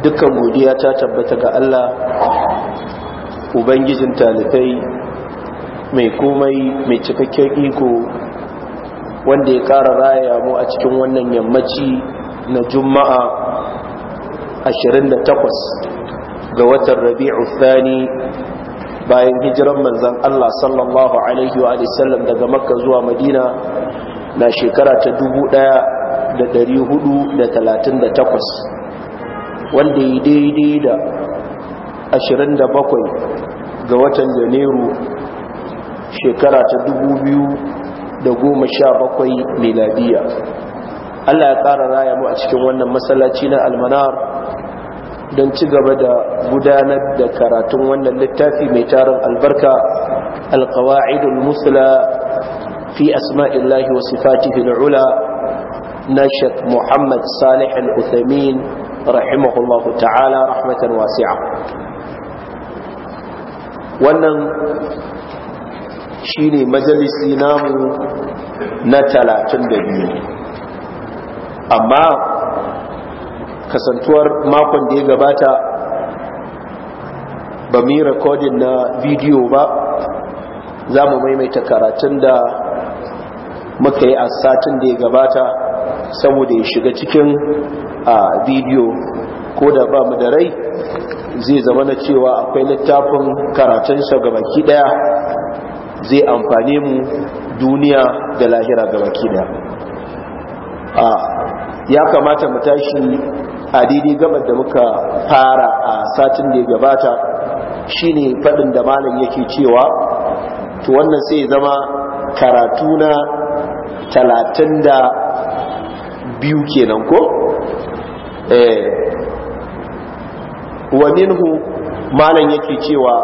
dukkan godiya ta tabbata ga Allah ubangijin talifai, mai komai mai cikakken iko wanda ya ƙara raya mu a cikin wannan yammaci na juma'a 28 ga watan rabi'u thani bayan hijiran manzan Allah sallallahu alaihi wa sallam daga makka zuwa madina na shekara ta 1438 wanda ya daidai da 27 ga watan janairu shekara ta 2017 miladiya Allah ya ƙara raya mu a cikin wannan masallaci na almanar don ci gaba da gudanar da karatun wannan littafi mai tarin albarka alkawa'idul musula fi asma'illahi wa sifatihi al'ula na shek muhammad salih al'uthamin rahimahullahu ta'ala rahmatan wasi'a wannan shine majalisi namu na talatin da biyu amma kasantuwar makon da ya gabata ba mu yi rikodin na bidiyo ba za mu maimaita karatun da muka yi a satin da ya gabata saboda ya shiga cikin a bidiyo ko da ba mu da rai zai zama na cewa akwai littafin karatunsa gabaki daya zai amfane mu duniya da lahira baki daya ya kamata mu tashi a daidai gabar da muka fara a satin da ya gabata shine faɗin da malam yake cewa to wannan sai zama karatu na talatin da biyu kenan ko? Eh. wa minhu malam yake cewa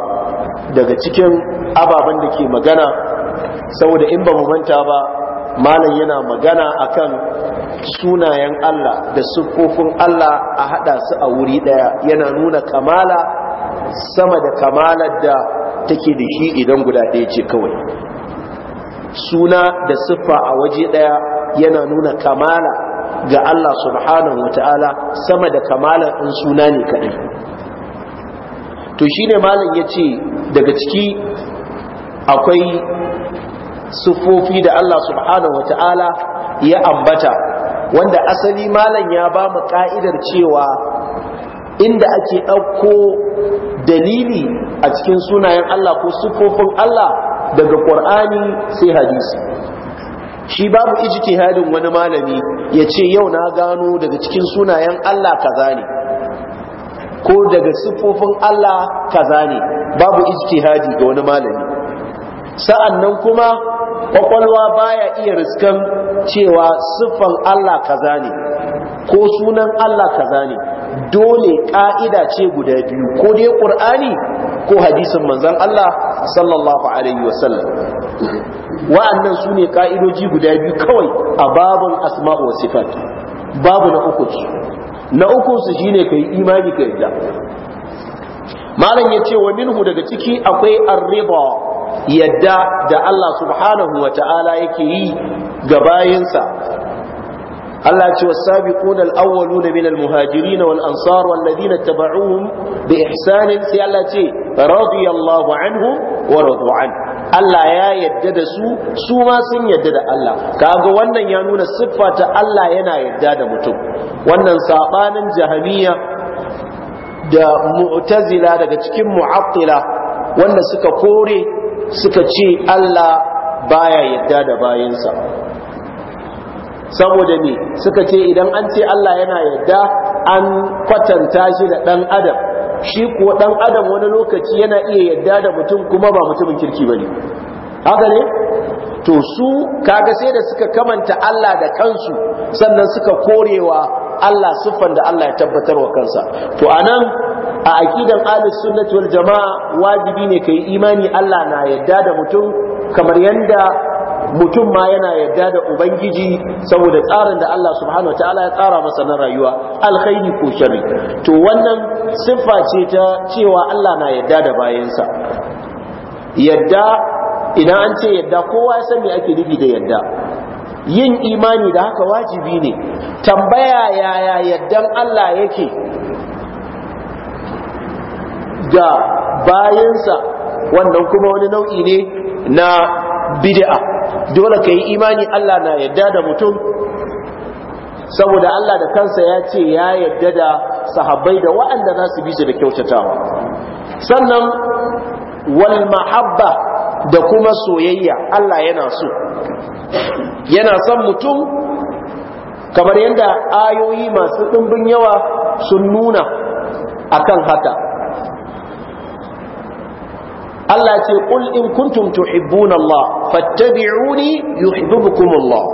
daga cikin ababen da ke magana saboda in ba mu manta ba malam yana magana akan sunayen Allah da siffofin Allah a hada su a wuri daya yana nuna kamala sama da kamalar da take da shi idan guda ɗaya ce kawai suna da siffa a waje daya yana nuna kamala ga Allah subhanahu wa ta'ala sama da kamalar in suna ne kaɗai to shi ne malam ya ce daga ciki akwai siffofi da Allah subhanahu wa ta'ala ya ambata wanda asali malam ya ba mu ka'idar cewa inda ake ɗauko dalili a cikin sunayen Allah ko sufofin Allah daga ƙwar'ani sai hadisi shi babu ijtihadin wani malami ya ce yau na gano daga cikin sunayen Allah kaza ne ko daga siffofin Allah kaza ne babu ijtihadi ga wani malami sa'annan kuma kwakwalwa baya iya riskan cewa siffan Allah kaza ne ko sunan Allah kaza ne dole ka'ida ce guda biyu ko dai ƙur'ani ko hadisin manzon Allah sallallahu alaihi wasallam wa'annan su ne ka'idoji guda biyu kawai a babun asma'u wa sifat babu na uku na uku su shine kai imani ka yadda malam ya ce wa minhu daga ciki akwai arriba yadda da Allah subhanahu wa ta'ala yake yi ga bayinsa Allah ce wasabiquna al-awwaluna min al-muhajirin wal ansar wal ladina tabauhum bi ihsanin sai Allah ce radiyallahu anhum wa radu anhu Allah ya yadda da su su ma sun yadda da Allah kaga wannan ya nuna siffa ta Allah yana yadda da mutum wannan sabanin jahamiya da mu'tazila daga cikin mu'attila wanda suka kore suka ce Allah baya yadda da bayansa saboda ne suka ce idan an ce Allah yana yadda an kwatanta shi da ɗan adam shi kuwa ɗan adam wani lokaci yana iya yadda da mutum kuma ba mutumin kirki ba ne, haka ne to su kaga sai da suka kamanta Allah da kansu sannan suka korewa Allah siffan da Allah ya tabbatar wa kansa to anan a aqidan ahlus sunnati wal jamaa wajibi ne kai imani Allah na yadda da mutum kamar yadda. mutum ma yana yadda da ubangiji saboda tsarin da Allah subhanahu wataala ya tsara masa na rayuwa alkhairi ko shari. to wannan siffa ce ta cewa Allah na yadda da bayansa yadda idan an ce yadda kowa ya sani ake nufi da yadda yin imani da haka wajibi ne tambaya yaya yaddan Allah yake da bayansa wannan kuma wani nau'i ne na bid'a dole ka yi imani Allah na yadda da mutum saboda Allah da kansa ya ce ya yadda da sahabbai da waɗanda za su bi da kyautatawa sannan wal mahabba da kuma soyayya Allah yana so yana son mutum kamar yadda ayoyi masu ɗumbin yawa sun nuna akan haka Allah ce qul in kuntum tuhibbuna Allah fattabi'uni yuhibbukum Allah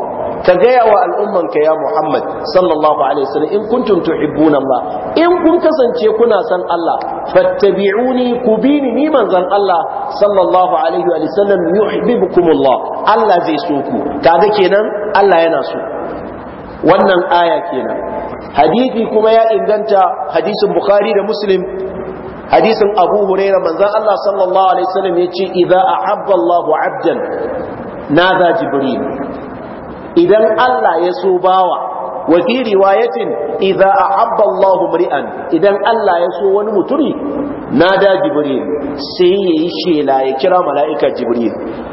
ka gaya wa al'umman ka ya Muhammad sallallahu alaihi wasallam in kuntum tuhibbuna Allah in kun kasance kuna san Allah fattabi'uni ku bini ni manzon Allah sallallahu alaihi wa wasallam yuhibbukum Allah Allah zai so ku kaga kenan Allah yana so wannan aya kenan hadisi kuma ya inganta hadisin Bukhari da Muslim hadisin abu huraira manzan Allah sallallahu alaihi wasallam ya ce idza ahabba Allahu abdan nadha jibril idan Allah ya so bawa wa fi riwayatin ahabba mri'an idan Allah ya so wani mutumi nada jibril sai yayi shela ya kira mala'ika jibril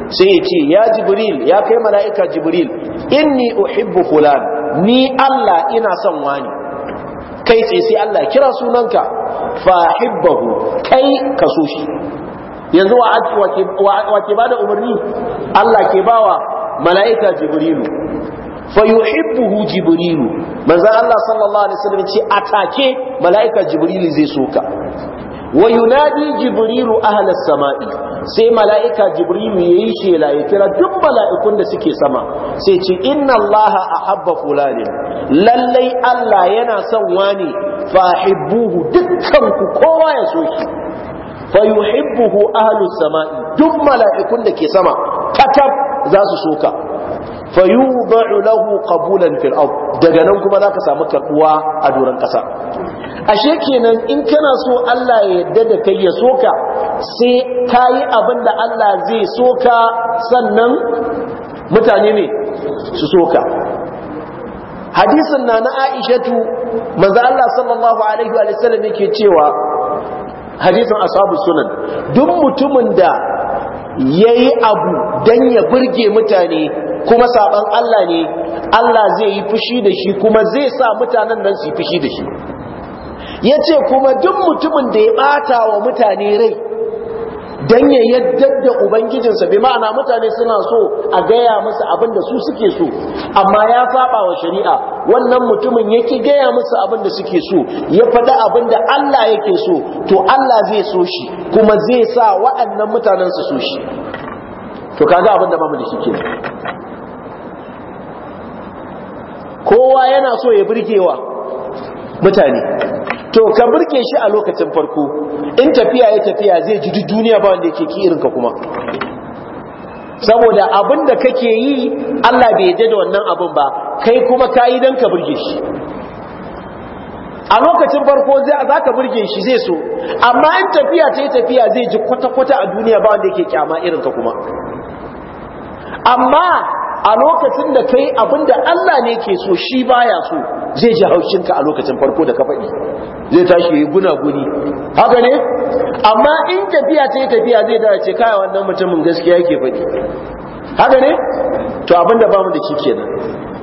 sai ya ce ya jibril ya kai mala'ika jibril inni uhibbu fulan ni Allah ina son wani kai tsaye sai Allah kira sunanka fahibbahu kai ka so shi yanzu wa ke bada umarni Allah ke bawa mala'ika jibrilu fa yuhibbuhu jibrilu manzon Allah sallallahu alaihi wasallam ce atake mala'ika jibrilu zai soka wa yunadi jibrilu ahlas sama'i sai mala'ika jibrilu yi shela ya kira duk mala'ikun da suke sama sai ce inna allaha ahabba Fulani. lallai allah yana son wani fahibbuhu dukkanku ku kowa ya so shi fayuhibbuhu ahlus sama'i duk mala'ikun da ke sama katab za su soka fayudha'u lahu qabulan fil daga nan kuma zaka samu karɓuwa a doron ƙasa. ashe kenan in kana so Allah ya yarda da kai ya soka sai kai yi abin Allah zai soka sannan mutane ne su soka hadisin na na aishatu manzo Allah sallallahu alaihi wa sallam yake cewa hadisin ashabu sunan duk mutumin da yayi abu dan ya burge mutane kuma saban Allah ne Allah zai yi fushi da shi kuma zai sa mutanen nan su yi fushi da shi ya ce kuma duk mutumin da ya ɓata wa mutane rai don ya yadda da ubangijinsa bai ma'ana mutane suna so a gaya musu abin da su suke so amma ya saba wa shari'a wannan mutumin yake gaya musu abin da suke so ya faɗa abinda da Allah yake so to Allah zai so shi kuma zai sa waɗannan mutanen su so shi to kaga abin da mamu da shi ke kowa yana so ya birgewa mutane to ka burke shi a lokacin farko in tafiya ya tafiya zai ji duk duniya ba wanda yake ki irin ka kuma saboda abin da kake yi Allah bai yarda da wannan abin ba kai kuma kayi dan ka burge shi a lokacin farko za ka burge shi zai so amma in tafiya ta yi tafiya zai ji kwata-kwata a duniya ba wanda yake kyama irin ka kuma amma a lokacin da kai abinda Allah ne ke so shi baya so zai ji haushinka a lokacin farko da ka faɗi zai tashi yayi guna-guni haka ne amma in tafiya ta tafiya zai dace ce kai wannan mutumin gaskiya yake faɗi haka ne to abinda ba mu da shi kenan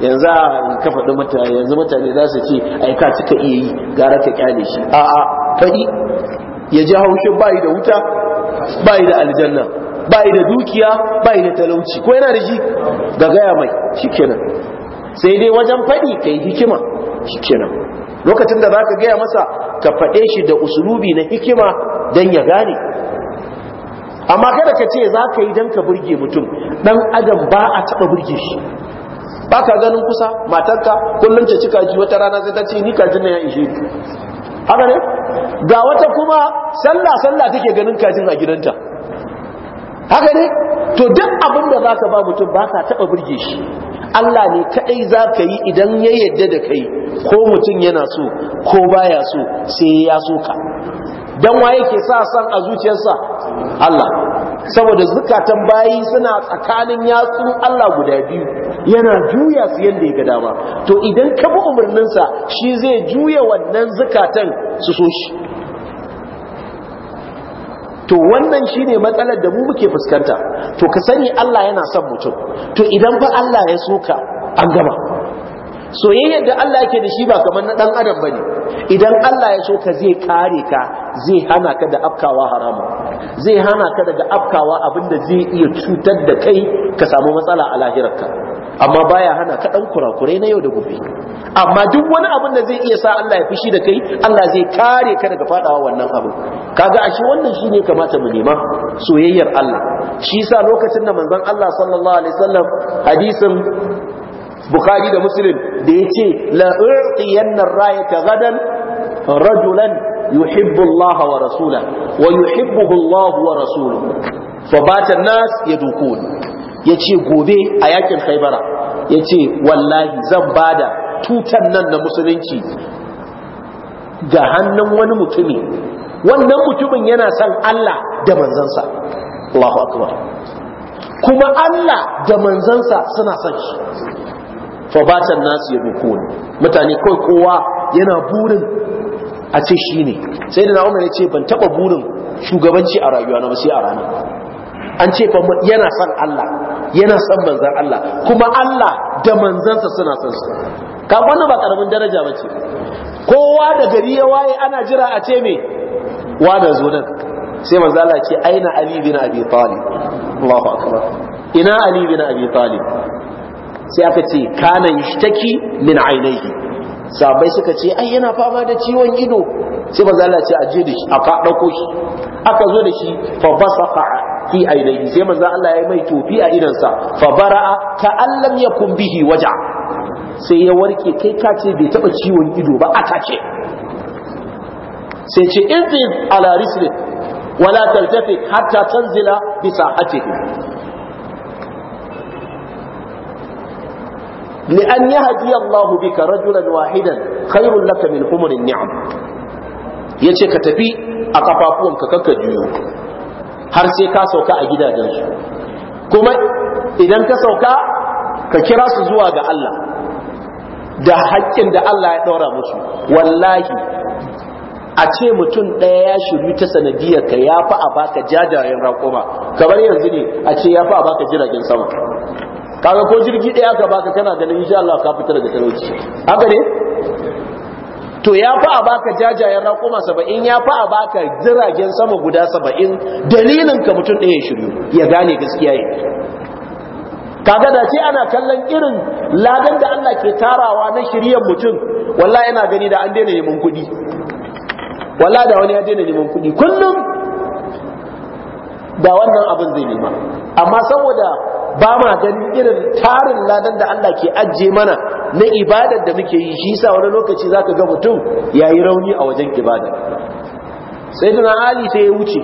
yanzu ah, ka faɗi mutane yanzu mutane za su ce ai ka cika iya yi gara ka kyale shi a'a faɗi ya ji haushin bayi da wuta bayi da aljanna ba da dukiya ba da talauci ko yana da shi ga gaya mai shikenan sai dai wajen faɗi kai hikima shikenan lokacin da zaka gaya masa ka faɗe shi da usulubi na hikima dan ya gane amma kada ka ce za ka yi dan ka burge mutum dan adam ba a taɓa burge shi ba ka ganin kusa matarka kullum ta ci kaji wata rana sai ta ce ni kajin na ya ishe haka ne ga wata kuma sallah sallah take ganin kajin a gidanta haka ne to duk abin da zaka ba mutum ba ka taba burge shi Allah ne kadai zaka yi idan ya yadda da kai ko mutum yana so ko baya so sai ya so ka dan waye ke sa san a zuciyarsa Allah saboda zukatan bayi suna tsakanin yatsun Allah guda biyu yana juya su yadda ya ga dama to idan ka bi umarninsa shi zai juya wannan zukatan su so shi to wannan shine matsalar da mu muke fuskanta to ka sani Allah yana son mutum to idan fa Allah ya soka an gama soyayyar da Allah yake da shi ba kamar na dan adam bane idan Allah ya soka zai kare ka zai hana ka da afkawa haramu zai hana ka daga afkawa abinda zai iya cutar da kai ka samu matsala a lahirarka amma baya hana ka dan kurakurai na yau da gobe amma duk wani abin da zai iya sa Allah ya fushi da kai Allah zai kare ka daga fadawa wannan abin kaga ashe wannan shine kamata mu nema soyayyar Allah shi yasa lokacin da manzon Allah sallallahu alaihi wasallam hadisin Bukhari da Muslim da yace la u'tiyanna ar-rayata gadan rajulan yuhibbu Allah wa rasulahu wa yuhibbuhu Allah wa rasuluhu fa bata nas yadukun ya ce gobe a yakin haibara ya ce wallahi zan ba da tutan nan na musulunci ga hannun wani mutumi wannan mutumin yana son Allah da manzansa Allahu akbar kuma Allah da manzansa suna san shi fa batan nasu ya doko mutane kai kowa yana burin a ce shi ne sai da na ya ce ban taɓa burin shugabanci a rayuwa na ba sai a rana. an ce fa yana son Allah yana son manzan Allah kuma Allah da manzansa suna son su ka wannan ba karamin daraja ba ce. kowa da gari ya waye ana jira a ce me wa da zo nan sai manzan Allah ce aina ali bin abi talib Allahu akbar ina ali bin abi talib sai aka ce kana yishtaki min ainihi sabai suka ce ai yana fama da ciwon ido sai manzan Allah ce aje da shi ka dauko shi aka zo da shi fa basaqa fi ainihi sai manzo Allah ya mai tofi a sa fa bara'a ka allam yakun bihi waja sai ya warke kai ka ce bai taba ciwon ido ba a kace sai ce inzil ala risli wala taltafi hatta tanzila bi sahatihi Allah bika rajulan wahidan رجلا laka min لك من yace ka tafi a kafafuwanka kakka jiyo. har sai ka sauka a gidajensu kuma idan ka sauka ka kira su zuwa ga Allah da haƙƙin da Allah ya ɗora musu wallahi a ce mutum ɗaya ya shiru ta sanadiyar ka ya fi a baka jajayen raƙuma kamar yanzu ne a ce ya fi a baka jiragen sama kaga ko jirgi ɗaya ka baka kana ganin insha Allah ka fitar da talauci haka ne to ya fi a baka jajayen raƙoma saba'in ya fi a baka jiragen sama guda saba'in dalilin ka mutum ɗaya shiryu ya gane gaskiya yi kaga da ce ana kallon irin ladan da Allah ke tarawa na shiryan mutum walla yana gani da an daina neman kuɗi walla da wani ya daina neman kuɗi kullum da wannan abin zai nema amma saboda ba ma ganin irin tarin ladan da Allah ke ajiye mana na ibadar da muke yi shi sa wani lokaci zaka ga mutum yayi rauni a wajen ibada sai dana ali sai ya wuce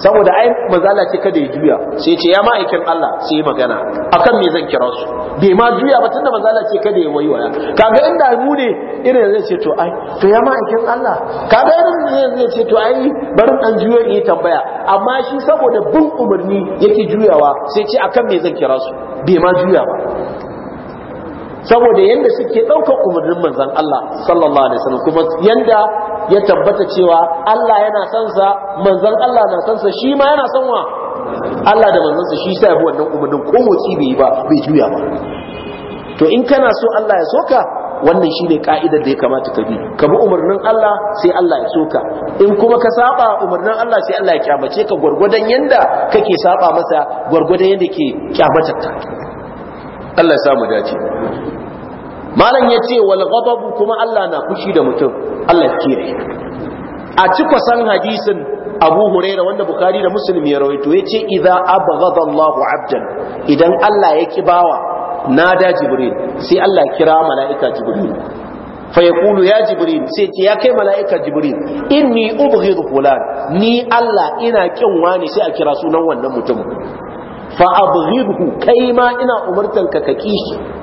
saboda ai manzo Allah ce kada ya juya sai ce ya ma'aikin Allah sai magana akan me zan kira su bai ma juya ba tunda manzo Allah ce kada ya waya. kaga inda mu ne irin zai ce to ai to ya ma'aikin Allah kaga irin zai ce to ai barin dan juya yi tambaya amma shi saboda bin umarni yake juyawa sai ce akan me zan kira su bai ma juya ba saboda yanda suke daukar umarnin manzon Allah sallallahu alaihi wasallam kuma yanda ya tabbata cewa Allah yana son sa manzon Allah na son sa shi ma yana son wa Allah da manzon sa shi sa ya bi wannan umarnin ko motsi bai yi ba bai juya ba to in kana so Allah ya soka wannan shine ka'idar da ya kamata ka bi ka bi umarnin Allah sai Allah ya soka in kuma ka saba umarnin Allah sai Allah ya kyamace ka gurgurdan yanda kake saba masa gurgurdan yanda ke kyamatar ta Allah ya samu dace malam ya ce wal ghadabu kuma Allah na kushi da mutum Allah ya kire a cika san hadisin Abu Huraira wanda Bukhari da Muslim ya rawaito yace idza abghadha Allahu 'abdan idan Allah ya kibawa nada Jibril sai Allah kira mala'ika Jibril fa yaqulu ya Jibril sai ce ya kai mala'ika Jibril inni ubghidhu fulan ni Allah ina kin wani sai a kira sunan wannan mutum fa abghidhu kai ma ina umurtanka ka kishi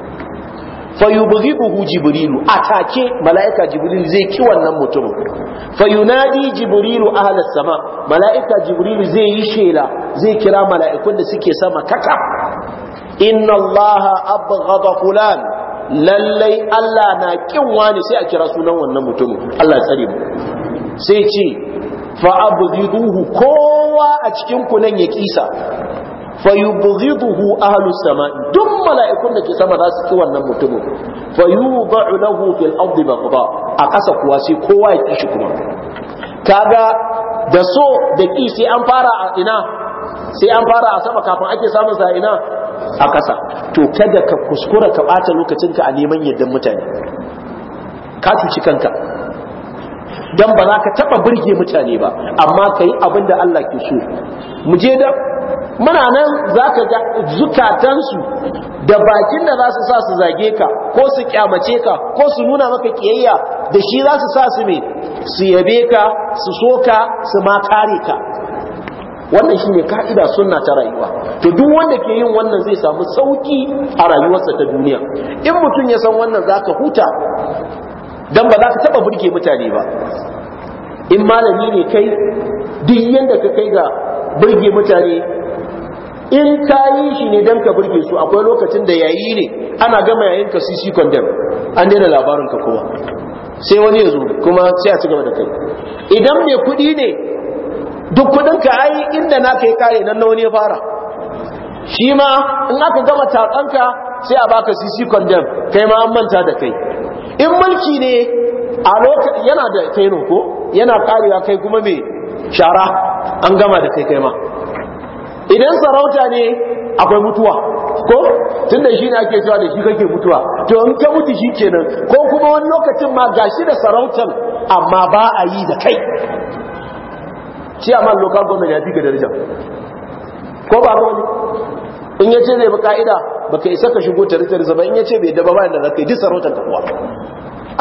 fayubghibuhu jibrilu atake malaika Jibrilu zai ki wannan mutumin fayunadi jibrilu ahlas sama malaika jibrilu zai yi shela zai kira malaikun da suke sama kaka inna allaha abghada fulan lallai Allah na kin wani sai a kira sunan wannan mutum. Allah ya tsare mu sai ce fa abghiduhu kowa a cikin ku nan ya kisa fayubghidhu ahlus sama'i duk mala'ikun da ke sama za su ki wannan mutumin fayudha'u lahu fil ardi baqda a kasa kuwa sai kowa ya kishi kuma kaga da so da ki sai an fara a ina sai an fara a sama kafin ake samun sa ina a kasa to kada ka kuskura ka bata lokacinka a neman yaddan mutane ka cuci kanka dan ba za ka taba burge mutane ba amma ka yi abin da Allah ke so mu je da muna nan za ka ga zukatansu da bakin da za su sa su zage ka ko su kyamace ka ko su nuna maka kiyayya da shi za su sa su me su yabe ka su so ka su ma kare ka wannan shine ka'ida sunna ta rayuwa to duk wanda ke yin wannan zai samu sauki a rayuwarsa ta duniya in mutum ya san wannan za ka huta don ba za ka taba burge mutane ba in malami ne kai duk yadda ka kai ga burge mutane in ka yi shi ne don ka burge su akwai lokacin da yayi ne ana gama yayin ka sisi condemn an daina labarin ka kowa sai wani ya zo kuma sai a cigaba da kai idan mai kuɗi ne duk kuɗin ka ai inda na kai kare nan na wani ya fara shi ma in aka gama tatsanka sai a baka sisi condemn kai ma an manta da kai in mulki ne a lokacin yana da kaino ko yana karewa kai kuma mai shara an gama da kai kai ma idan sarauta ne akwai mutuwa ko tun da shi ne ake cewa da shi kake mutuwa to in ka mutu shi kenan ko kuma wani lokacin ma gashi da sarautan amma ba a yi da kai chairman local government ya fi ga daraja ko ba ba wani in ya ce zai bi ka'ida ba ka isa ka shigo rikar zaba in ya ce bai daba bayan da zaka yi duk sarautar ka kuwa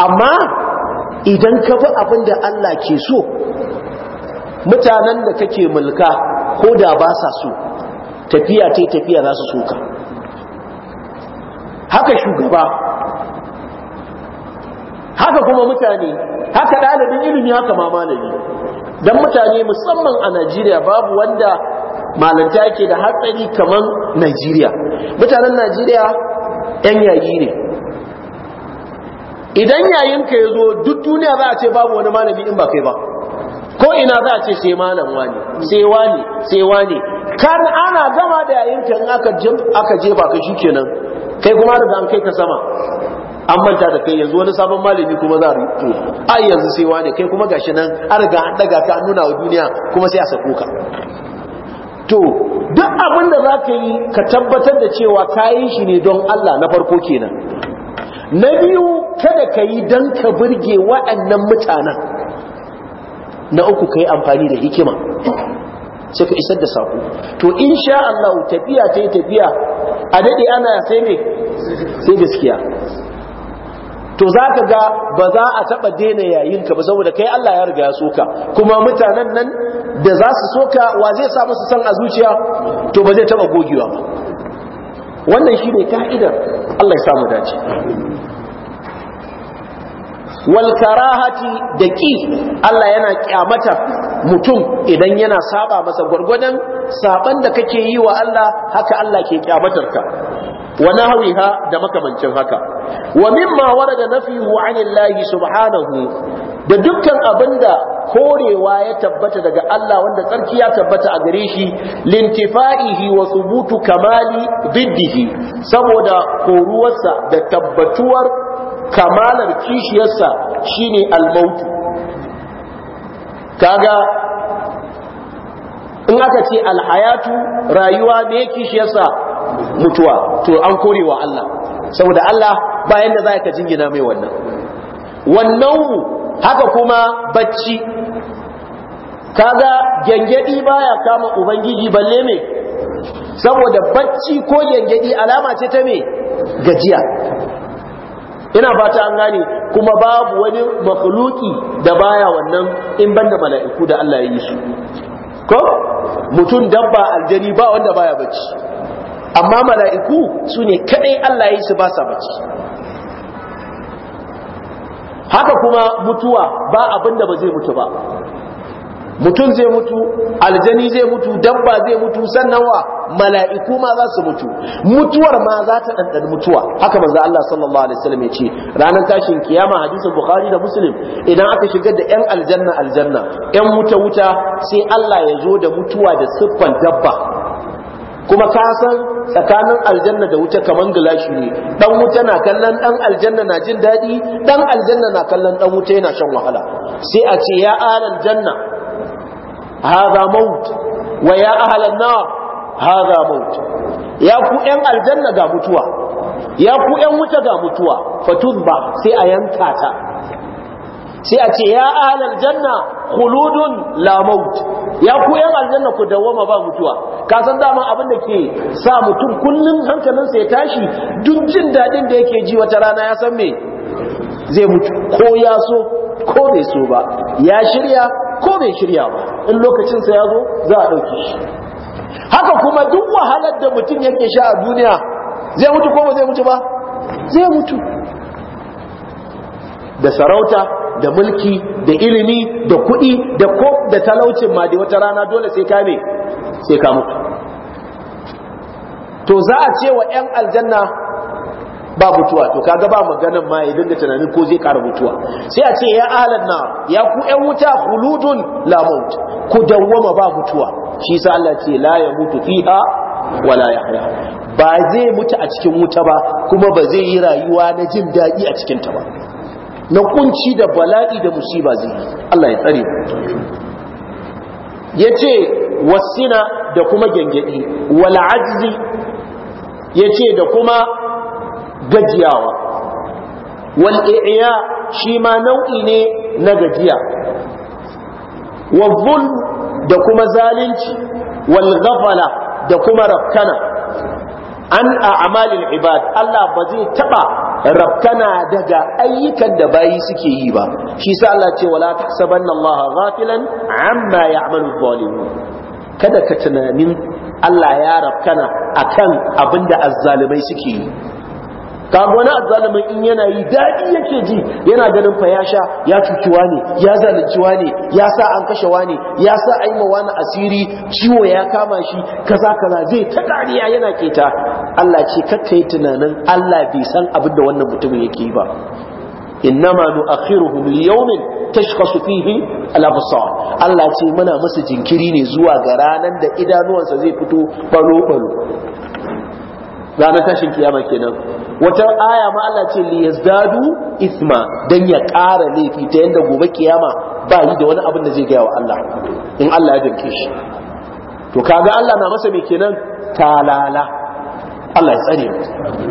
amma idan ka fi abin da Allah ke so mutanen da kake mulka ko da ba sa so tafiya ta tafiya za su soka haka shugaba haka kuma mutane haka ɗalibin ilimi haka ma malami don mutane musamman a najeriya babu wanda malanta yake da hatsari kamar najeriya mutanen najeriya 'yan yayi ne idan yayinka ya zo duk duniya za a ce babu wani malami in ba kai ba ko ina za a ce sai malam wani sai wani sai wani kan ana gama da yayin kan aka aka ba ka shikenan kai kuma da an kai ka sama an manta da kai yanzu wani sabon malami kuma za a rito ai yanzu sai wani kai kuma gashi nan an riga an daga ka an nuna wa duniya kuma sai a sako ka to duk abin da za ka yi ka tabbatar da cewa kayan shi ne don Allah na farko kenan na biyu kada ka yi don ka burge wa'annan mutanen na uku ka yi amfani da hikima sai ka isar da saƙo to in sha Allah tafiya ta yi tafiya a daɗe ana sai me sai gaskiya to za ka ga ba za a taɓa daina yayinka ba saboda kai Allah ya riga ya soka kuma mutanen nan da za su soka wa zai sa musu san a zuciya to ba zai taɓa gogewa ba wannan shi ne ka'idar Allah ya samu dace wal karahati da ki Allah yana kyamata mutum idan yana saba masa gwargwadon saban da kake yi wa Allah haka Allah ke ka wa nahwiha da makamancin haka wa mimma warada nafihu anillahi subhanahu da dukkan abinda korewa ya tabbata daga Allah wanda tsarki ya tabbata a gare shi lintifa'ihi wa subutu kamali biddihi saboda koruwarsa da tabbatuwar kamalar kishiyarsa shine almautu kaga in aka ce alhayatu rayuwa ne kishiyarsa mutuwa to an korewa Allah saboda Allah bayan da za ka jingina mai wannan wannan haka kuma bacci kaga gyangyadi baya kama ubangiji balle me saboda bacci ko gyangyadi alama ce ta mai gajiya ina fata an gane kuma babu wani makhluki da baya wannan in banda mala'iku da Allah ya yi su ko mutum dabba aljani ba wanda baya bacci amma mala'iku sune ne kadai Allah ya yi su ba sa bacci haka kuma mutuwa ba abinda ba zai mutu ba mutum zai mutu aljani zai mutu dabba zai mutu sannan wa mala'iku ma za su mutu mutuwar ma za ta ɗanɗan mutuwa haka manzo Allah sallallahu alaihi wasallam ya ce ranar tashin kiyama hadisin bukhari da muslim idan aka shigar da yan aljanna aljanna yan wuta wuta sai Allah ya zo da mutuwa da siffan dabba kuma ka san tsakanin aljanna da wuta kaman gilashi ne dan wuta na kallon dan aljanna na jin daɗi dan aljanna na kallon dan wuta yana shan wahala sai a ce ya alal janna hadha wa ya ahlan nar hadha ya ku yan aljanna ga mutuwa ya ku yan wuta ga mutuwa fatuzba sai a yanka ta sai a ce ya ahlal janna khuludun la ya ku yan aljanna ku dawwama ba mutuwa ka san daman abin da ke sa mutum kullum hankalinsa ya tashi duk jin daɗin da yake ji wata rana ya san me zai mutu ko ya so ko bai so ba ya shirya ko bai shirya ba in lokacinsa ya zo za a ɗauke shi haka kuma duk wahalar da mutum yake sha a duniya zai mutu ko ba zai mutu ba zai mutu da sarauta da mulki da ilimi da kuɗi da ko da talaucin ma da wata rana dole sai ka me sai ka mutu to za a ce wa 'yan aljanna ba mutuwa to kaga ba maganan ma ya dinga tunanin ko zai kara mutuwa sai a ce ya ahlan na ya ku ɗan wuta khuludun la maut ku dawwama ba mutuwa shi sa Allah ce la yamutu fiha wala yahya ba zai mutu a cikin wuta ba kuma ba zai yi rayuwa na jin daɗi a cikin ta ba na kunci da bala'i da musiba zai yi Allah ya tsare yace wasina da kuma gengedi wal ajzi yace da kuma gajiyawa wal iya shi ma nau'i ne na gajiya wa da kuma zalunci wal ghafala da kuma rabkana an a'malil ibad Allah ba zai taba rabtana daga ayyukan da bayi suke yi ba shi sa Allah ce wala tahsabanna Allah ghafilan amma ya'malu zalimun kada ka tunanin Allah ya rabtana akan abinda azzalimai suke yi kaga wani azzalumin in yana yi daɗi yake ji yana ganin fa ya sha ya cuci ne ya zalunci ne ya sa an kashe ne ya sa an yi wani asiri ciwo ya kama shi kaza kaza zai ta ƙariya yana keta Allah ce kakka yi tunanin Allah bai san abin da wannan mutumin yake yi ba innama nu'akhiruhum liyawmin tashkhasu fihi al-absar Allah ce muna masu jinkiri ne zuwa ga ranan da idanuwansa zai fito balo balo ranar tashin kiyama kenan wata aya ma Allah ce li yazdadu isma dan ya kara laifi ta yanda gobe kiyama ba yi da wani abin da zai gaya wa Allah in Allah ya dinke shi to kaga Allah na masa me kenan talala Allah ya tsare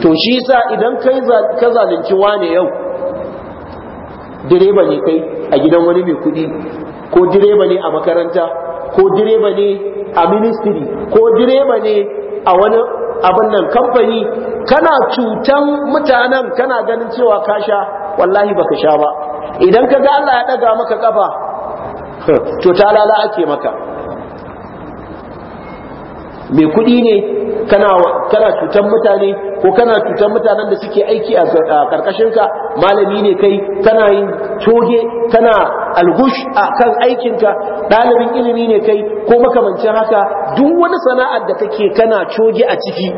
to shi sa idan kai ka zalunci wani yau direba ne kai a gidan wani mai kuɗi ko direba ne a makaranta ko direba ne a ministry ko direba ne a wani abin nan kamfani kana cutan mutanen kana ganin cewa ka sha wallahi baka sha ba idan ka ga Allah ya daga maka kafa to ta lala ake maka mai kudi ne kana cutan mutane ko kana cutan mutanen da suke aiki a ka? malami ne kai kana yin toge kana algush a kan aikinka ɗalibin ilimi ne kai ko makamancin haka duk wani sana'ar da kake kana coge a ciki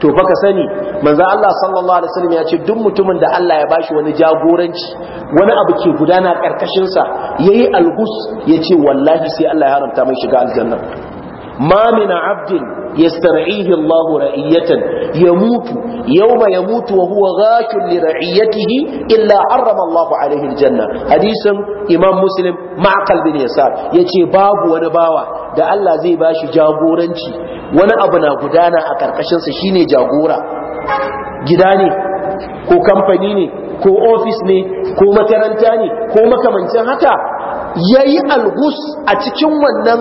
to fa sani manzo Allah sallallahu alaihi wasallam ya ce duk mutumin da Allah ya bashi wani jagoranci wani abu ke gudana karkashin sa yayi algus yace wallahi sai Allah ya haramta mai shiga aljanna ma min abdin يسترعيه الله رعية يموت يوم يموت وهو غاش لرعيته إلا حرم الله عليه الجنة حديث إمام مسلم معقل بن يسار babu باب ونباوة da Allah zai bashi jagoranci wani abu na gudana a ƙarƙashinsa shine jagora gida ne ko kamfani ne ko ofis ne ko makaranta ne ko makamancin haka ya yi algus a cikin wannan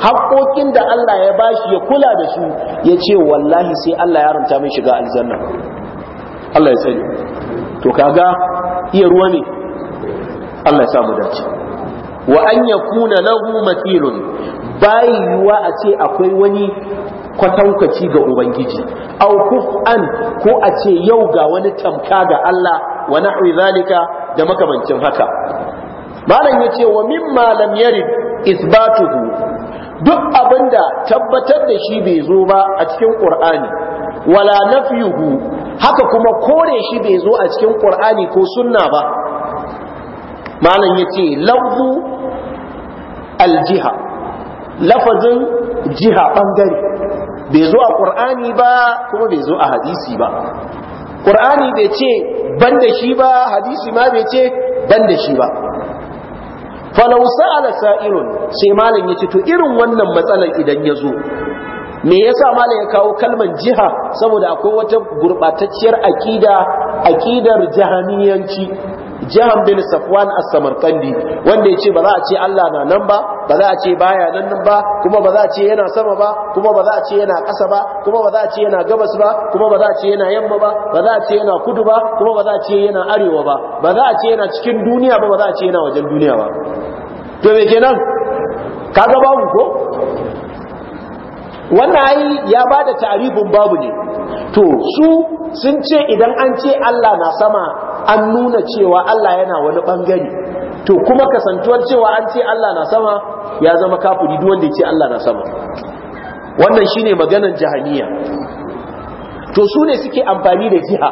haƙoƙin da Allah ya bashi ya kula da su ya ce wallahi sai Allah ya haramta mai shiga aljanna Allah ya tsari to kaga iya ruwa ne Allah ya samu dace wa an kuna lahu matilun bai a ce akwai wani kwatankwaci ga ubangiji aw an ko a ce yau ga wani tamka ga Allah wa nahwi zalika da makamancin haka malam ya ce wa mimma lam yarid isbatuhu duk abinda tabbatar da shi bai zo ba a cikin qur'ani wala nafyuhu haka kuma kore shi bai zo a cikin qur'ani ko sunna ba malam ya ce lafzu aljiha lafazin jiha bangare bai zo a qur'ani ba kuma bai zo a hadisi ba qur'ani bai ce ban da shi ba hadisi ma bai ce ban da shi ba falau sa'ala sa'irun sai malam ya yace to irin wannan matsalar idan ya zo me yasa malam ya kawo kalmar jiha saboda akwai wata gurbatacciyar aƙida aƙidar jahaniyanci jahan bin safwan as-samarkandi wanda yace ba za a ce Allah na nan ba ba za a ce baya nan nan ba kuma ba za a ce yana sama ba kuma ba za a ce yana ƙasa ba kuma ba za a ce yana gabas ba kuma ba za a ce yana yamma ba ba za a ce yana kudu ba kuma ba za a ce yana arewa ba ba za a ce yana cikin duniya ba ba za a ce yana wajen duniya ba to me kenan kaga babu ko wannan ai ya bada ta'arifin babu ne to su sun ce idan an ce Allah na sama an nuna cewa Allah yana wani bangare to kuma kasantuwar cewa an ce Allah na sama ya zama kafiri duk wanda ce Allah na sama wannan shine maganar jahaniya to su ne suke amfani da jiha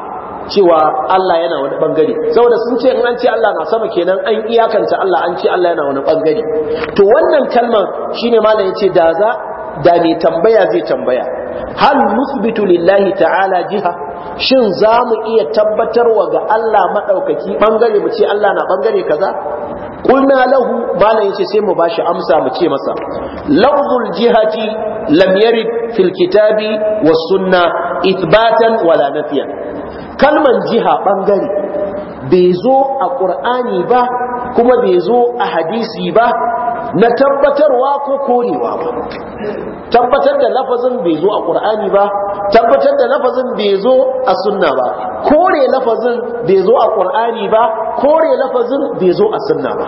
cewa Allah yana wani bangare saboda sun ce in an ce Allah na sama kenan an iyakanta Allah an ce Allah yana wani bangare to wannan kalmar shine malam yace da za da mai tambaya zai tambaya hal musbitu lillahi ta'ala jiha shin za mu iya tabbatarwa ga Allah maɗaukaki bangare mu ce Allah na bangare kaza qulna lahu malam yace sai mu bashi amsa mu ce masa lafzul jihati lam yarid fil kitabi was sunna ithbatan wala nafiyan kalman jiha bangare bai zo a qur'ani ba kuma bai zo a hadisi ba na tabbatarwa ko korewa ba tabbatar da lafazin bai zo a ƙur'ani ba tabbatar da lafazin bai zo a sunna ba kore lafazin bai zo a ƙur'ani ba kore lafazin bai zo a sunna ba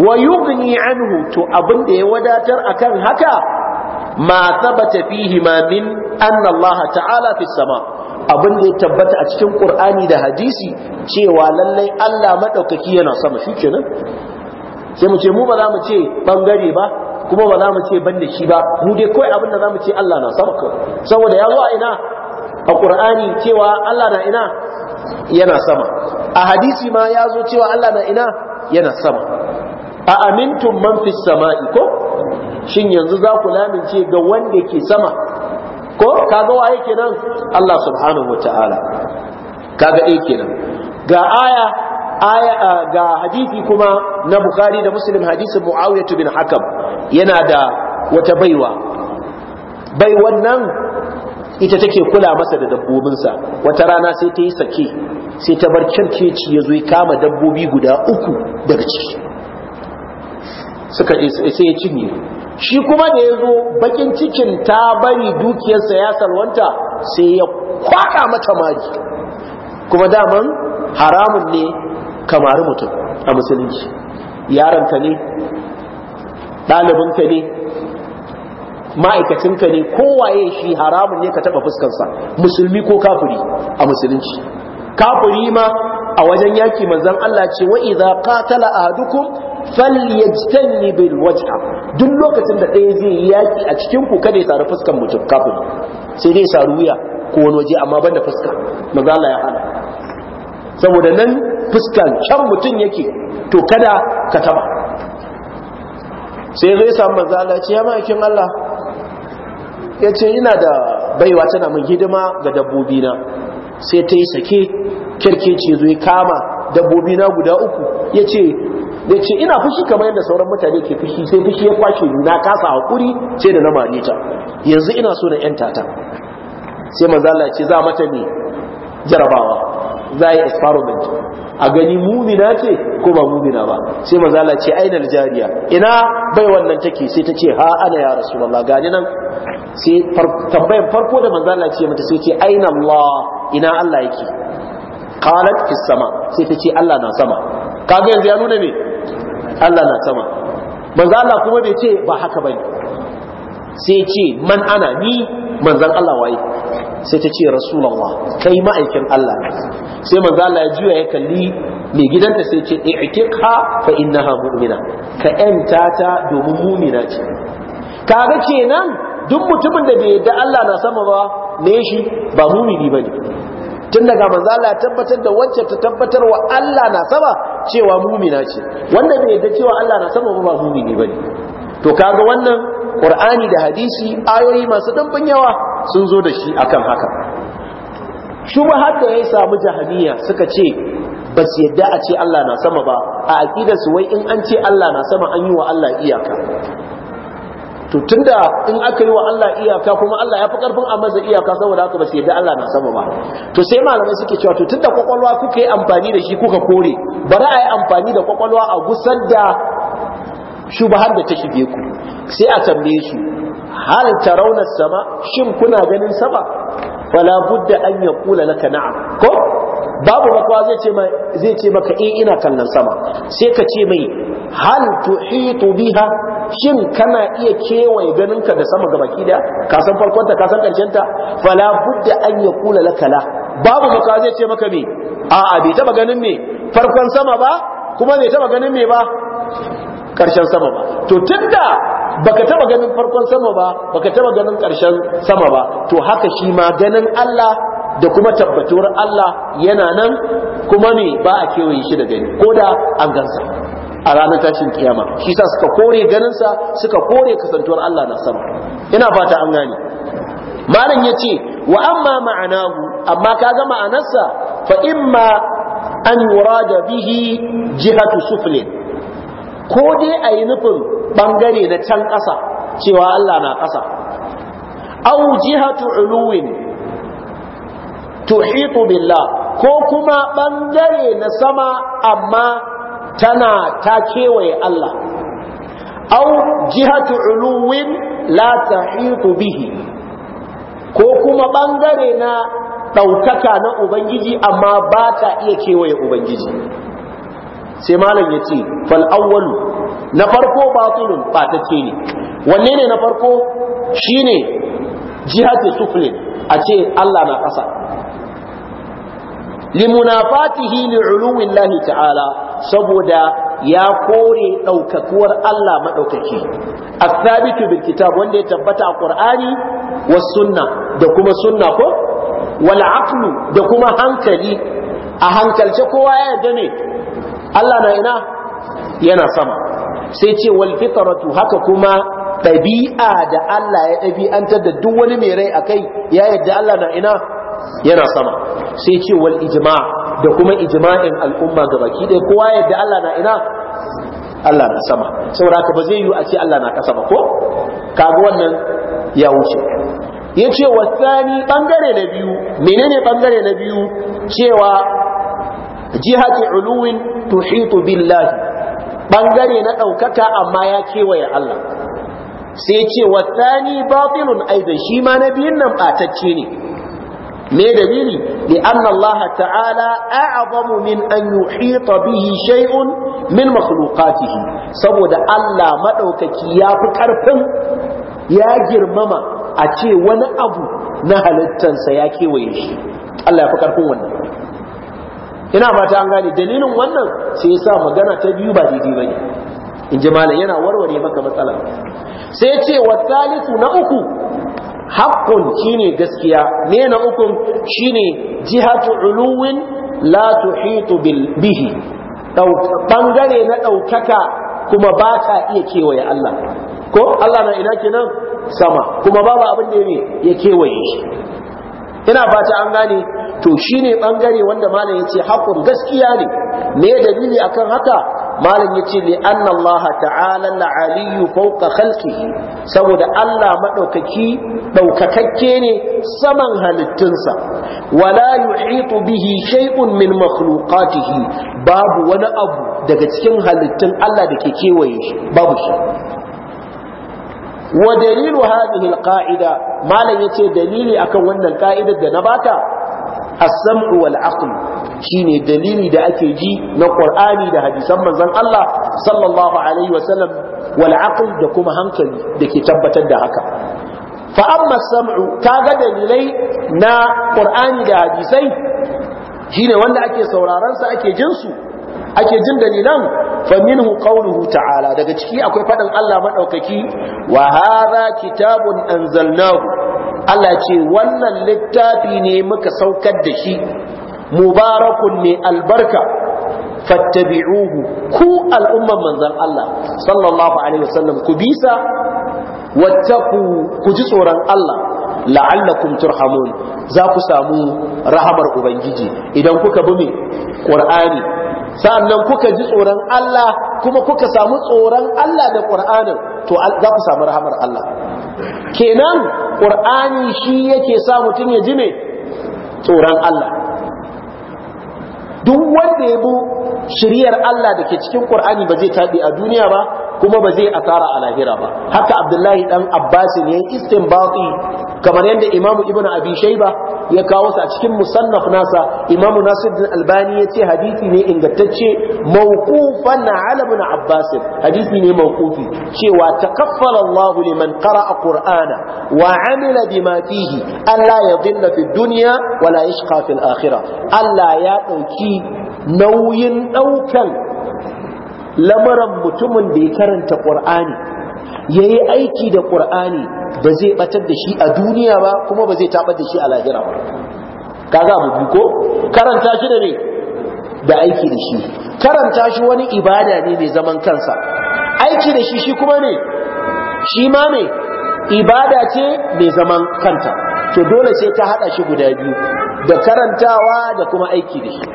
wa yughni anhu to abin da ya wadatar akan haka ma tabbata fihi ma min anna ta'ala fi sama' abin da ya tabbata a cikin Qur'ani da hadisi cewa lallai Allah madaukaki yana sama kenan sai mu ce mu ba za mu ce bangare ba kuma ba za mu ce ban da shi ba mu dai kawai abin da za mu ce Allah na sama saboda ya zo a ina a Qur'ani cewa Allah na ina yana sama a hadisi ma ya zo cewa Allah na ina yana sama a amintum man fis sama'i ko shin yanzu za ku lamince ga wanda ke sama ko kaga waye kenan Allah subhanahu wataala kaga eh kenan ga aya aya ga hadisi kuma na bukhari da muslim hadisin muawiyah bin hakam yana da wata baiwa bai wannan ita take kula masa da dabbobinsa wata rana sai ta yi sake sai ta bar kyarkeci ya zo ya kama dabbobi guda uku daga ciki suka sai ya cinye shi kuma da ya zo bakin cikin ta bari dukiyarsa ya salwanta sai ya kwaka mata mari kuma daman haramun ne kamar mutum a musulunci yaranka ne ɗalibinka ne ma'aikacinka ne kowaye shi haramun ne ka taɓa fuskarsa musulmi ko kafuri a musulunci kafuri ma a wajen yaki manzan Allah ce ka a idza qatala ahadukum bai bil wajha duk lokacin da ɗaya zai yi yaki a cikin kuka kada ya sari fuskan mutum kafiri sai dai sari wuya ko wani waje amma banda fuska manzan Allah ya hana saboda nan fuska kyan mutum yake to kada ka taba sai zai samu zala ce ya ma'aikin Allah ya ce ina da baiwa tana min hidima ga dabbobi na sai ta yi sake ce zai kama dabbobi na guda uku ya ce da ce ina fushi kamar yadda sauran mutane ke fushi sai fushi ya kwashe na kasa hakuri sai da na mane ta yanzu ina so na yanta ta sai manzala ce za mata ne jarabawa za a yi experiment a gani mumina ce ko ba mumina ba sai mazala ce ainal jariya ina bai wannan take sai ta ce ha ana ya rasulullah gani nan sai tambayan farko da manzala ce mata sai ce aina Allah ina Allah yake qalat fis sama sai ta ce Allah na sama kaga yanzu ya nuna ne? Allah na sama manzo kuma bai ce ba haka bane sai ce man ana ni manzan Allah waye sai ta ce rasulallah, kai ma'aikin Allah sai manzo Allah ya juya ya kalli mai gidanta sai ce i'tiqha fa innaha mu'mina ka yanta ta domin mu'mina ce kaga kenan duk mutumin da bai yadda Allah na sama ba ne shi ba mu'mini bane tun daga manzo Allah tabbatar da wacce ta tabbatar wa Allah na sama cewa mu'mina ce wanda bai yadda cewa Allah na sama ba ba mu'mini bane to kaga wannan qur'ani da hadisi ayoyi masu damban yawa sun zo da shi akan haka ma da ya samu jahiliya suka ce ba su yadda a ce Allah na sama ba a aqidar su wai in an ce Allah na sama an yi wa Allah iyaka to tunda in aka yi wa Allah iyaka kuma Allah ya fi karfin a masa iyaka saboda haka ba su yadda Allah na sama ba to sai malamai suke cewa to tunda kwakwalwa kuka yi amfani da shi kuka kore bari a yi amfani da kwakwalwa a gusar da shubhar da ta shige ku sai a tambaye su hal tarawna sama shin kuna ganin sama fala budda an yaqula laka na'am ko babu makawa zai ce zai ce maka eh ina kallon sama sai ka ce mai hal tuhitu biha shin kana iya kewaye ganinka da sama gabaki da ka san farkon ta ka san karshen ta fala budda an yaqula laka la babu makawa zai ce maka me a'a bai taba ganin me farkon sama ba kuma bai taba ganin me ba karshen sama ba to tunda baka taba ganin farkon sama ba baka taba ganin karshen sama ba to haka shi ma ganin Allah da kuma tabbatuwar Allah yana nan kuma ne ba a kewaye shi da gani ko da an gansa a ranar tashin kiyama shi sa suka kore ganinsa suka kore kasantuwar Allah na sama ina fata an gane malam yace wa amma ma'anahu amma ga ma'anarsa fa imma an yurada bihi jihatu suflin ko dai a yi nufin ɓangare na can ƙasa cewa Allah na ƙasa au jihatu uluwin tuhitu billah ko kuma ɓangare na sama amma tana ta kewaye Allah au jihatu uluwin la tahitu bihi ko kuma ɓangare na ɗaukaka na Ubangiji amma ba ta iya kewaye Ubangiji sai malam ya ce fal awwalu na farko batulun batacce ne wanne ne na farko shine jihati suflin a ce Allah na kasa limunafatihi lahi ta'ala saboda ya kore ɗaukakuwar Allah maɗaukaki Asabitu bil kitab wanda ya tabbata a qur'ani was sunna da kuma sunna ko wal aqlu da kuma hankali a hankalce kowa ya yarda ne Allah na ina yana sama sai ce wal fitratu haka kuma ɗabi'a da Allah ya ɗabi'antar da duk wani mai rai akai ya yadda Allah na ina yana sama sai ce wal ijma da kuma ijma'in al'umma ga baki ɗaya kowa yadda Allah na ina Allah na sama saboda haka ba zai yi a ce Allah na ƙasa ba ko kaga wannan ya wuce yace wasani bangare na biyu menene bangare na biyu cewa jihati uluwin tuhitu billahi bangare na ɗaukaka amma ya kewaye Allah sai ce wattani batilun aidan shi ma na biyun nan batacce ne me dalili li anna Allah ta'ala a'zamu min an yuhita bihi shay'un min makhluqatihi saboda Allah madaukaki ya fi karfin ya girmama a ce wani abu na halittansa ya kewaye shi Allah ya fi karfin wannan ina fata an gane dalilin wannan sai yasa magana ta biyu ba daidai bane in ji malam yana warware maka matsala sai ce wa thalithu na uku haqqun shine gaskiya me na uku shine jihatu uluwin la tuhitu bihi bangare na daukaka kuma ba ta iya kewaye Allah ko Allah na ina kenan sama kuma babu abin da ya kewaye shi ina fata an gane to shine bangare wanda malam yace haƙun gaskiya ne me dalili akan haka malam yace li anna Allah ta'ala na Aliyu, fawqa halki. saboda Allah maɗaukaki ɗaukakakke ne saman halittunsa wala yuhitu bihi shay'un min makhluqatihi babu wani abu daga cikin halittun Allah da ke kewaye shi babu shi wa dalilu hadhihi alqa'ida malam yace dalili akan wannan ka'idar da na bata as-sam'u wal aql shine dalili da ake ji na Qur'ani da hadisan manzon Allah sallallahu alaihi wasallam wal aql da kuma hankali da ke tabbatar da haka fa amma as-sam'u kaga dalilai na Qur'ani da hadisai shine wanda ake sauraron sa ake jin su ake jin dalilan fa minhu qawluhu ta'ala daga ciki akwai fadin Allah madaukaki wa hadha kitabun anzalnahu Allah ce wannan littafi ne muka saukar da shi mubarakun ne albarka fattabi'uhu ku al'umman manzon Allah sallallahu alaihi wasallam ku bisa wattaku ku ji tsoron Allah la'allakum turhamun za ku samu rahamar ubangiji idan kuka bi qur'ani Sannan kuka ji tsoron Allah kuma kuka samu tsoron Allah da qur'anin to za ku samu rahamar Allah kenan qur'ani shi yake sa mutum ya ji ne tsoron Allah duk wanda ya bu shiriyar Allah da ke cikin qur'ani ba zai tabi a duniya ba kuma ba zai asara a lahira ba haka abdullahi dan abbasin ne ya istinbati kamar yadda imamu ibn abi shaiba ya kawo sa a cikin musannaf nasa imamu nasiruddin albani ya ce hadisi ne ingantacce mawqufan ala ibn abbas hadisi ne mawqufi cewa takaffala allah liman qara'a qur'ana wa amila bima fihi alla yadhilla fi dunya wa la yashqa fi akhirah allah ya dauki nauyin daukan lamaran mutumin da ya karanta qur'ani ya yi aiki da ƙur'ani da zai ɓatar da shi a duniya ba kuma ba zai taɓar da shi a lahira ba kaga abu biyu ko karanta shi da ne da aiki da shi karanta shi wani ibada ne mai zaman kansa aiki da shi shi kuma ne shi ma ne ibada ce mai zaman kanta to dole sai ta haɗa shi guda biyu da karantawa da kuma aiki da shi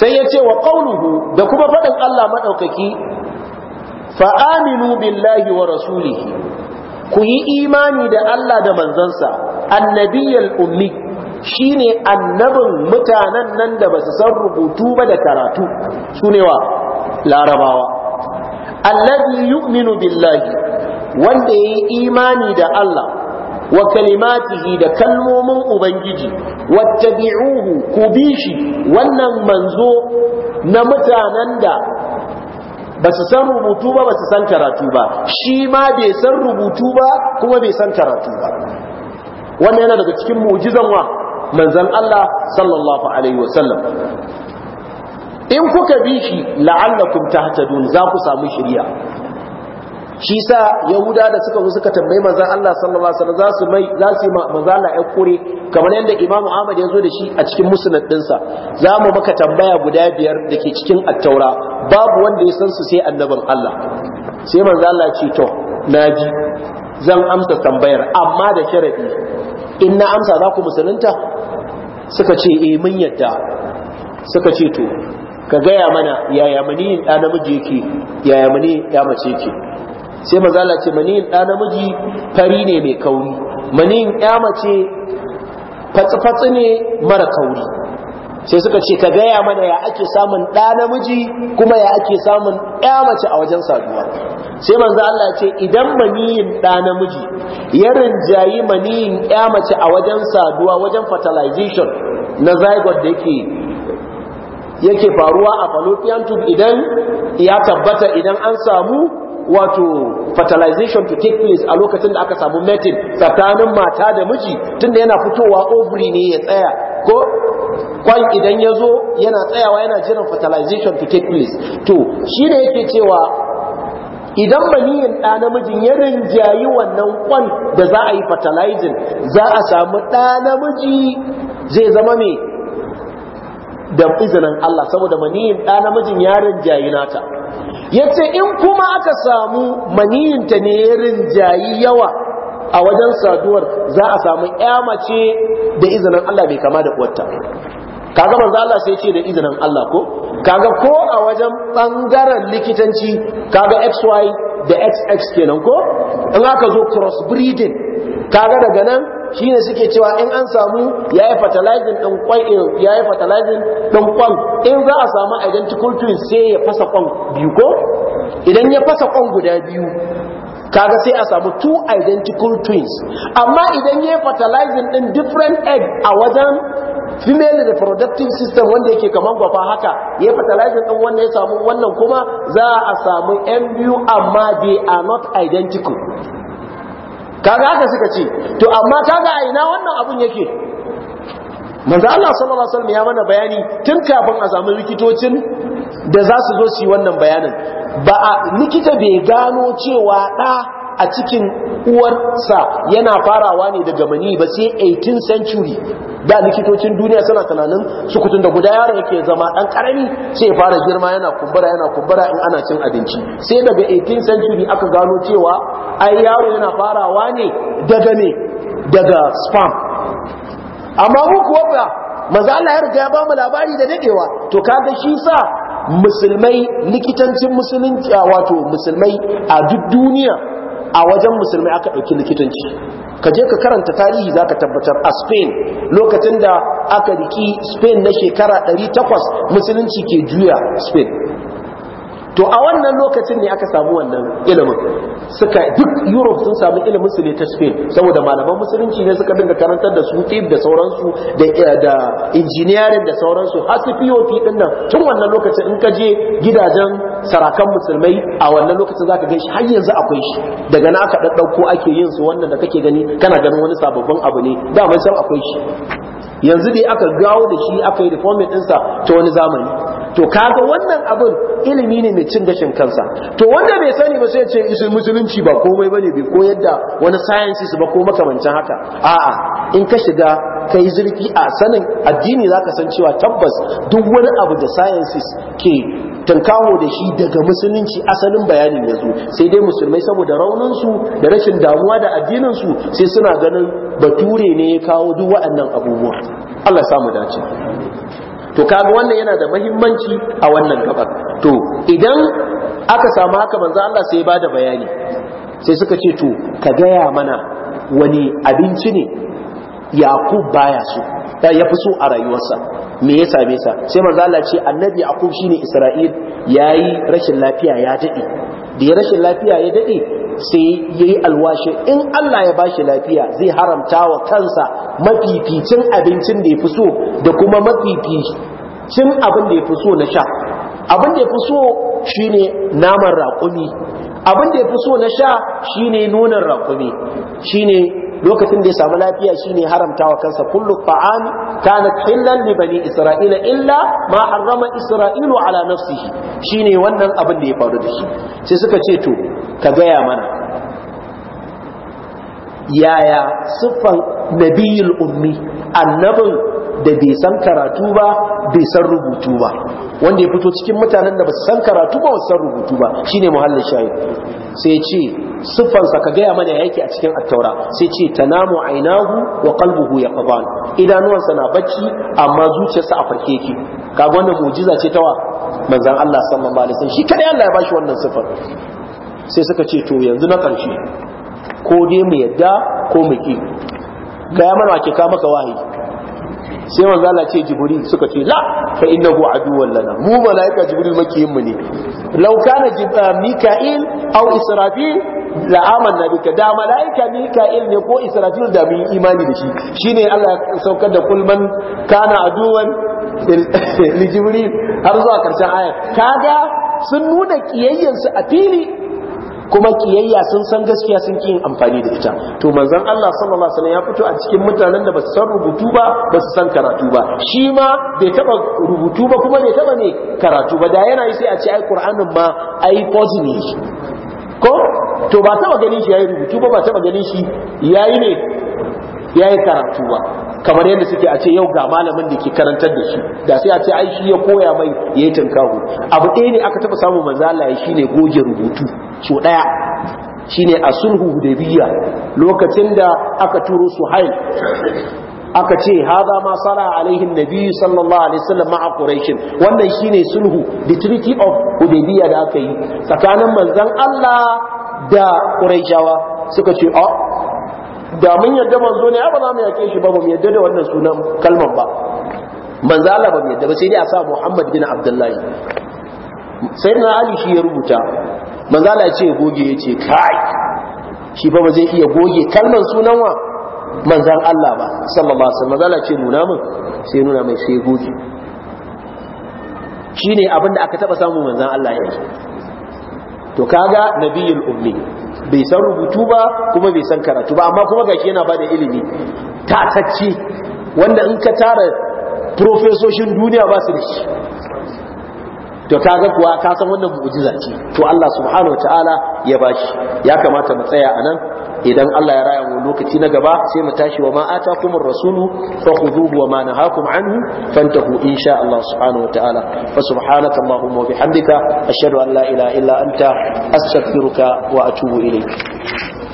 sai ya ce wa ƙaunuhu da kuma faɗin Allah maɗaukaki fa'aminu billahi wa rasulihi ku yi imani da Allah da manzansa annabiyal shi shine annabin mutanen nan da basu san rubutu ba da karatu ne wa larabawa allazi yu'minu billahi wanda yayi imani da Allah wa kalimatihi da kalmomin ubangiji wattabi'uhu ku bi shi wannan manzo na mutanen da ba su san rubutu ba ba su san karatu ba shi ma bai san rubutu ba kuma bai san karatu ba wannan yana daga cikin mu'jizan wa manzon Allah sallallahu alaihi wasallam in kuka bi shi la'allakum tahtadun za ku samu shirya? shi sa yahuda da suka zo suka tambayi manzon Allah sallallahu alaihi wasallam za su mai za su manzon Allah ya kure kamar yadda imamu Ahmad ya zo da shi a cikin musnad dinsa za mu maka tambaya guda biyar da ke cikin at babu wanda ya san su sai annabin Allah sai manzon Allah ya ce to naji zan amsa tambayar amma da sharadi in na amsa za ku musulunta suka ce eh mun yadda suka ce to ka gaya mana yaya mani ɗa namiji yake yaya mani ya mace yake sai mazala Allah ce maniyin ɗa namiji fari ne mai kauri maniyin ya mace fatsi-fatsi ne mara kauri sai suka ce ka gaya mana ya ake samun ɗa namiji kuma ya ake samun ya mace a wajen saduwa sai manzo Allah ce idan maniyin ɗa namiji ya rinjayi maniyin ya mace a wajen saduwa wajen fertilization na zygote da yake yake faruwa a fallopian tube idan ya tabbata idan an samu wato fertilization to take place a lokacin da aka samu metin tsakanin mata da miji tunda yana fitowa ovary ne ya tsaya ko kwan idan ya zo yana tsayawa yana jiran fertilization to take place to shi ne yake cewa idan maniyin ɗa namijin ya rinjayi wannan kwan da za a yi fertilizing za a samu ɗa namiji zai zama mai da izinin Allah saboda maniyin ɗa namijin ya rinjayi nata yace in kuma aka samu maniyinta ne ya rinjayi yawa a wajen saduwar za a samu ya mace da izinin Allah bai kama da uwarta kaga manzo Allah sai ce da izinin Allah ko kaga ko a wajen bangaren likitanci kaga XY da XX kenan ko in aka zo cross breeding kaga daga nan ne suke cewa in an samu yayi fertilizing din kwai eh, yi fertilizing ɗin kwan in za a samu identical twin sai ya fasa kwan biyu ko idan ya fasa kwan guda biyu kaga sai a samu two identical twins amma idan yayi fertilizing ɗin different egg a wajen female reproductive system wanda yake kaman gwafa haka ya fertilizer ɗin wannan ya samu wannan kuma za a samu yan biyu amma they are not identical kaga haka suka ce to amma kaga a ina wannan abun yake manzo Allah sallallahu alaihi wasallam ya mana bayani tun kafin a samu likitocin da za su zo su yi wannan bayanin ba likita bai gano cewa da a cikin uwarsa yana farawa ne daga mani ba sai 18th century da likitocin duniya suna tunanin sukutun da guda yaro yake zama dan karami sai fara girma yana kumbura yana kumbura in ana cin abinci sai daga 18th century aka gano cewa ai yaro yana farawa ne daga ne daga spam amma mu kuwa ba maza Allah ya riga ya ba mu labari da dadewa to kaga shi sa musulmai likitancin musulunci wato musulmai a duk duniya a wajen musulmai aka ɗauki likitanci ka je ka karanta tarihi za ka tabbatar a spain lokacin da aka riki spain na shekara 800 musulunci ke juya spain to a wannan lokacin ne aka samu wannan ilimin suka duk europe sun samu ilimin su ne ta spain saboda malaman musulunci ne suka dinga karantar da su tip da sauransu da injiniyarin da sauransu har su pop din nan tun wannan lokacin in ka je gidajen sarakan musulmai a wannan lokacin zaka ga shi har yanzu akwai shi daga na aka ɗaɗɗauko ake yin su wannan da kake gani kana ganin wani sababbin abu ne da mai san akwai shi yanzu dai aka gawo da shi aka yi reforming ɗinsa ta wani zamani to kaga wannan abin ilimi ne mai cin gashin kansa to wanda bai sani ba sai ce ce musulunci ba komai bane bai koyar yadda wani sciences ba ko makamancin haka a'a in ka shiga ka yi zurfi a sanin addini za ka san cewa tabbas duk wani abu da sciences ke tankawo da shi daga musulunci asalin bayani ya zo sai dai musulmai saboda raunin su da rashin damuwa da addinin su sai suna ganin bature ne ya kawo duk waɗannan abubuwa Allah samu dace to kaga wannan yana da mahimmanci a wannan gabar to idan aka samu haka manzo Allah sai ya bada bayani sai suka ce to ka gaya mana wani abinci ne Yakub baya so ya fi so a rayuwarsa me ya same sa sai manzo Allah ce annabi Yaqub shine Isra'il yayi rashin lafiya ya dade da rashin lafiya ya dade sai ya yi alwashi in Allah ya bashi lafiya zai haramta wa kansa mafificin abincin da ya fi so da kuma mafificin abin da ya fi so na sha abin da ya fi so shine naman raƙumi abin da ya fi so na sha shine nonon raƙumi ne lokacin da ya samu lafiya shi ne haramta wa kansa kullu ta'am kanat hillan li bani isra'ila illa ma harrama isra'ilu ala nafsihi shine wannan abin da ya faru da shi sai suka ce to ka gaya mana yaya siffan nabiyul ummi annabin da bai san karatu ba bai san rubutu ba wanda ya fito cikin mutanen da ba su san karatu ba wasu san rubutu ba shine muhallin shayi sai ce siffansa ka gaya mana ya yake a cikin attaura sai ce tanamu ainahu wa ya yaqban idanuwansa na bacci amma zuciyarsa a farke yake kaga wannan mu'jiza ce ta wa manzon Allah sallallahu alaihi wasallam shi kare Allah ya bashi wannan siffar sai suka ce to yanzu na ƙarshe ko dai mu yadda ko mu ki gaya mana ake ka maka sai manzo Allah ce jibril suka ce la fa innahu aduwwan lana mu malaika jibril makiyin mu ne law kana eh, mika'il aw israfil la amanna bika da malaika mika'il ne ko israfil da mun imani da shi shine Allah ya saukar da kulman kana aduwwan li jibril har zuwa karshen aya kaga sun nuna kiyayyansu a fili kuma kiyayya sun san gaskiya sun ki yin amfani da ita to manzon Allah sallallahu alaihi wasallam ya fito a cikin mutanen da basu san rubutu ba ba san karatu ba shi ma bai taba rubutu ba kuma bai taba ne karatu ba da yana yi sai a ce ai Qur'anin ma ai ne ko to ba taba ganin shi yayi rubutu ba ba taba ganin shi yayi ne yayi karatu ba kamar yadda suke a ce yau ga malamin da ke karantar da shi da sai a ce ai shi ya koya mai ya yi tunkahu abu ɗaya ne aka taɓa samun manzala ya shi shine goge rubutu so ɗaya shine a sulhu hudaybiyya lokacin da aka turo su suhail aka ce haza ma sala alaihi nabi sallallahu alaihi sallam ma'a quraish wannan shine sulhu the treaty of hudaybiyya da aka yi tsakanin manzan Allah da quraishawa suka ce oh, da mun yadda manzo ne ba za mu yake shi ba mu yadda da wannan sunan kalman ba manzo Allah ba mu yadda ba sai dai a sa Muhammad bin Abdullahi sai na Ali shi ya rubuta manzo Allah ya ce goge ya ce kai shi ba ba zai iya goge kalman sunan wa manzan Allah ba sallallahu alaihi wasallam manzo Allah ce nuna mun? sai nuna mai sai goge shine abinda aka taba samu manzan Allah ya yi to kaga nabiyul ummi bai san rubutu ba kuma bai san karatu ba amma kuma gashi yana bada ilimi tatacce wanda in ka tara profesoshin duniya ba su da shi to kaga kuwa ka san wannan mu'jiza ce to Allah subhanahu wataala ya bashi ya kamata mu tsaya anan idan Allah ya raya mu lokaci na gaba sai mu tashi wa ma atakumur rasulu fakhuduhu wa ma nahakum anhu fantahu insha Allah subhanahu wataala fa subhanaka allahumma wa bihamdika ashhadu an la ilaha illa anta astaghfiruka wa atubu ilayk